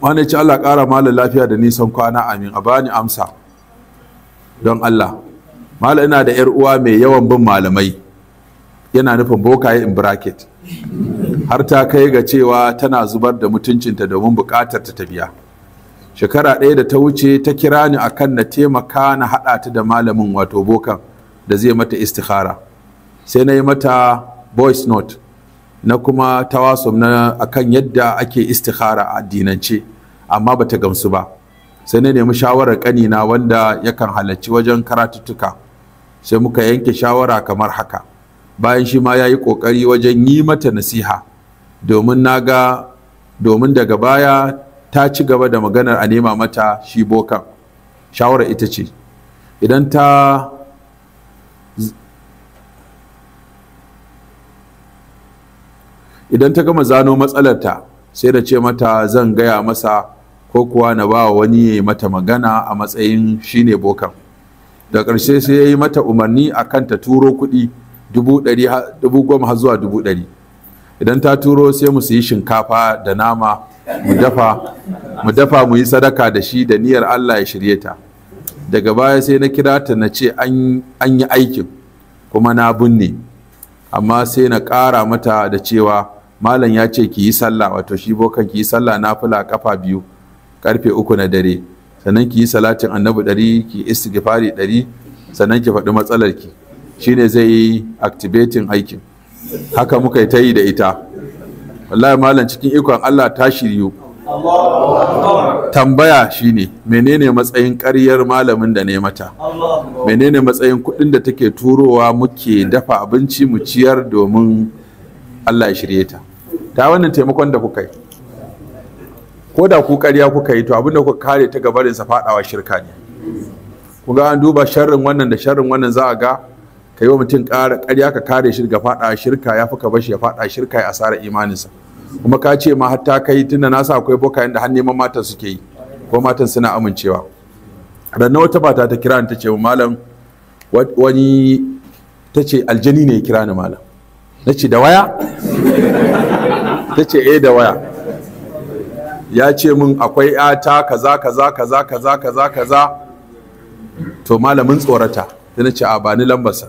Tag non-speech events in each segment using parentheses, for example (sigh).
wani ce Allah ƙara malam lafiya da nisan kwana amin a bani amsa don Allah malam ina da yar uwa mai yawan bin malamai yana nufin bokaye in bracket har ta kai ga cewa tana zubar da mutuncinta domin buƙatar ta biya shekara ɗaya da ta wuce ta kira ni akan na taimaka na haɗa ta da malamin wato bokan da zai mata istikhara sai na yi mata voice note na kuma tawasum na akan yadda ake istikhara a addinance amma bata gamsu ba sai na nemi shawarar kanina wanda yakan halarci wajen karatuttuka sai muka yanke shawara kamar haka bayan shi ma ya yi ƙoƙari wajen yi mata nasiha domin na ga domin daga baya ta ci gaba da maganar a nema mata shi bokan shawarar ita ce idan ta idan ta gama zano matsalarta sai na ce mata zan gaya masa ko kuwa na ba wani ya mata magana a matsayin shine bokan da ƙarshe sai ya yi mata umarni a kan ta turo kuɗi dubu goma zuwa dubu ɗari idan ta turo sai mu yi shinkafa da nama mu dafa mu dafa mu yi sadaka da shi da niyyar Allah ya shirye ta daga baya sai na kira ta na ce an yi aikin kuma na binne amma sai na ƙara mata da cewa malam ya ce ki yi sallah wato shi bokan ki yi sallah na nafila kafa biyu karfe uku na dare sannan ki yi salatin annabi ɗari ki istighfari ɗari sannan ki faɗi matsalar ki shine zai yi activating aikin haka muka yi ta yi da ita wallahi malam cikin ikon Allah ta shiryu tambaya shine menene matsayin ƙaryar malamin da ne mata menene matsayin kuɗin da take turowa muke dafa abinci mu ciyar domin Allah ya shirye ta ta wannan taimakon da kuka yi ko da ku ƙarya kuka yi to abin da kuka kare ta gabarinsa faɗawa shirka ne ku ga an duba sharrin wannan da sharrin wannan za a ga ka yi wa mutum ƙarya ka kare shi daga faɗawa shirka ya fi ka bashi ya faɗa shirka ya asara imaninsa kuma ka ce ma hatta kai tunda nasa akwai boka da har neman matan suke yi ko matan suna amincewa na wata bata ta kira ni ta ce malam wani ta ce aljani ne ya kira ni malam na ce da waya ta ce eh da waya ya ce min akwai yata kaza kaza kaza kaza kaza kaza to malamin tsorata ta na ce a bani lambarsa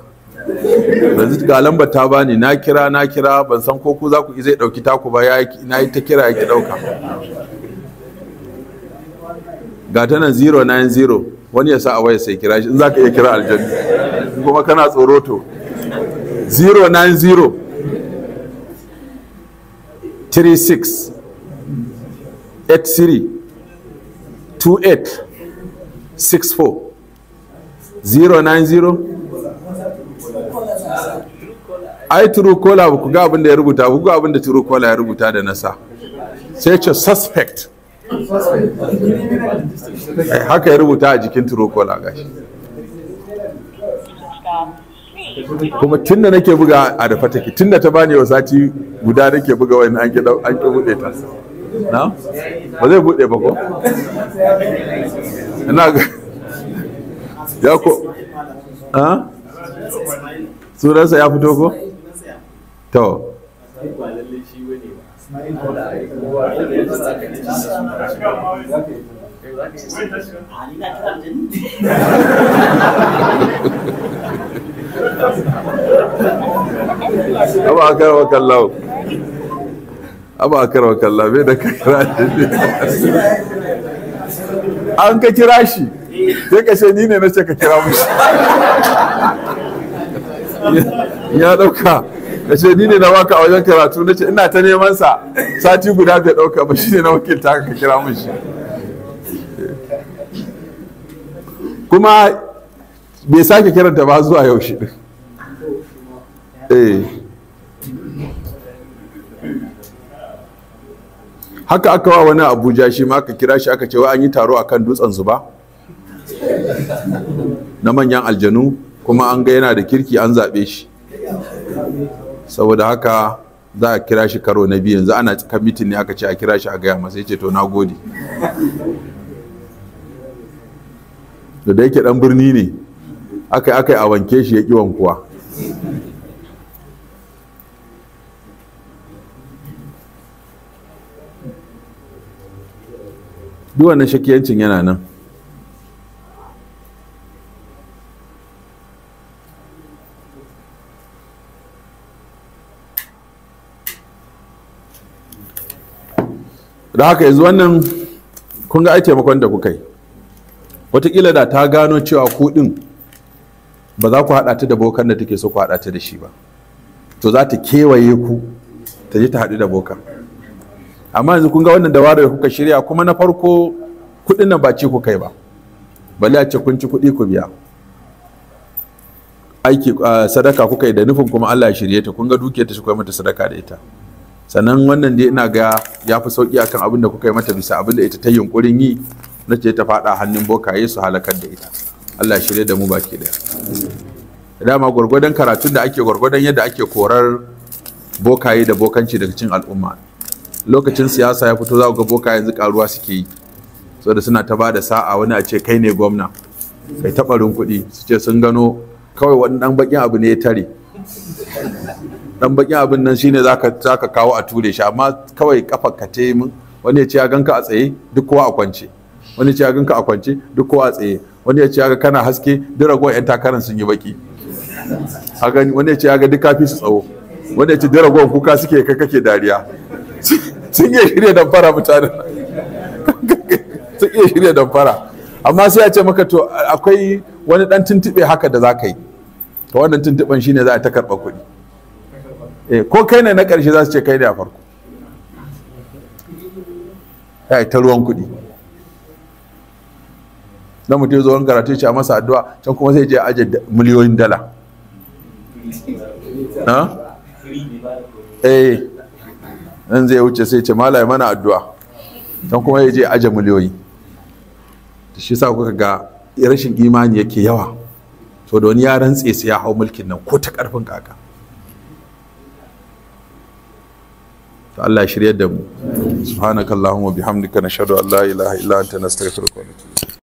yanzu ga lambar ta bani na kira na kira ban san ko ku za ku zai dauki taku ba na yi ta kira ya ki dauka ga ta nan 090 wani ya sa a waya sai kira shi in za ka iya kira aljanna kuma kana tsoro to 090 36 83 28 ai ba ku ga abin da ya rubuta ku ga abin da turukola ya rubuta da nasa sai ce suspect haka ya rubuta a jikin turukola gashi kuma tunda nake buga a da fataki tunda ta bani wa sati guda nake buga wani an ki an bude ta na ba zai bude ba ko ina ga ya ko ha sunansa ya fito ko to (laughs) abu a karawa kallawa abu a karawa kallawa bai da ka kira shi an ka kira shi sai ka ni ne na ce ka kira mushi ya dauka ka ce ni ne na waka a wajen karatu na ce ina ta neman sa sati guda bai dauka ba shi ne na wakilta ka kira mushi kuma bai sake kiranta ba zuwa yau shi eh. haka aka wa wani abuja shi ma aka kira shi aka ce wa an yi taro akan dutsen zuba na manyan aljanu kuma an ga yana da kirki an zaɓe shi saboda haka za a kira shi karo na biyu yanzu ana cikin mitin ne aka ce a kira shi a gaya masa ce to na gode da yake dan birni ne aka aka a wanke shi ya ƙi wankuwa duk wannan shakiyancin yana nan da haka yanzu wannan kun ga ai taimakon da kuka yi wataƙila da ta gano cewa kuɗin ba za ku haɗa ta da bokan da take so ku haɗa ta da shi ba to za ta kewaye ku ta je ta haɗu da bokan amma yanzu kun ga wannan dabarar da kuka shirya kuma na farko kuɗin nan ba ci ku kai ba bali a ce kun ci kuɗi ku biya aiki sadaka kuka yi da nufin kuma Allah ya shirye ta kun ga dukiyar ta shi mata sadaka da ita sannan wannan da ina ga ya fi sauki akan abin da kuka yi mata bisa abin da ita ta yunkurin yi na ce ta faɗa hannun bokaye su halakar da ita Allah shirye da mu baki daya dama gwargwadon karatun da ake gwargwadon yadda ake korar bokaye da bokanci daga cin al'umma lokacin siyasa ya fito za ga bokaye yanzu karuwa suke yi saboda suna ta bada sa'a wani a ce kai ne gwamna kai tabarin kuɗi su ce sun gano kawai wani dan bakin abu ne ya tare dan bakin abin nan shine zaka zaka kawo a ture shi amma kawai kafa ka te wani ya ce ya ganka a tsaye duk kowa a kwance wani ya ce ya ganka a kwance duk kowa a tsaye wani ya ce ya ga kana haske dira ragowar 'yan takarar sun yi baki wani ya ce ya ga duk fi su tsawo wani ya ce dira ragowar kuka suke kai kake dariya sun iya shirya damfara mutane sun iya shirya damfara amma sai ya ce maka to akwai wani dan tuntube haka da za ka yi to wannan tuntuɓen shine za a ta karɓa kuɗi eh, ko kai ne na ƙarshe za su ce kai ne a farko ya ta ruwan kuɗi na mutum zo karatu shi a masa addu'a can kuma sai je aje miliyoyin dala na eh nan zai wuce sai ce malai mana addu'a can kuma ya je aje miliyoyi shi sa kuka ga rashin imani yake yawa to da wani ya rantse sai ya hau mulkin nan ko ta karfin kaka to Allah ya shiryar da mu subhanakallahumma bihamdika nashhadu an la ilaha illa anta nastaghfiruka wa natubu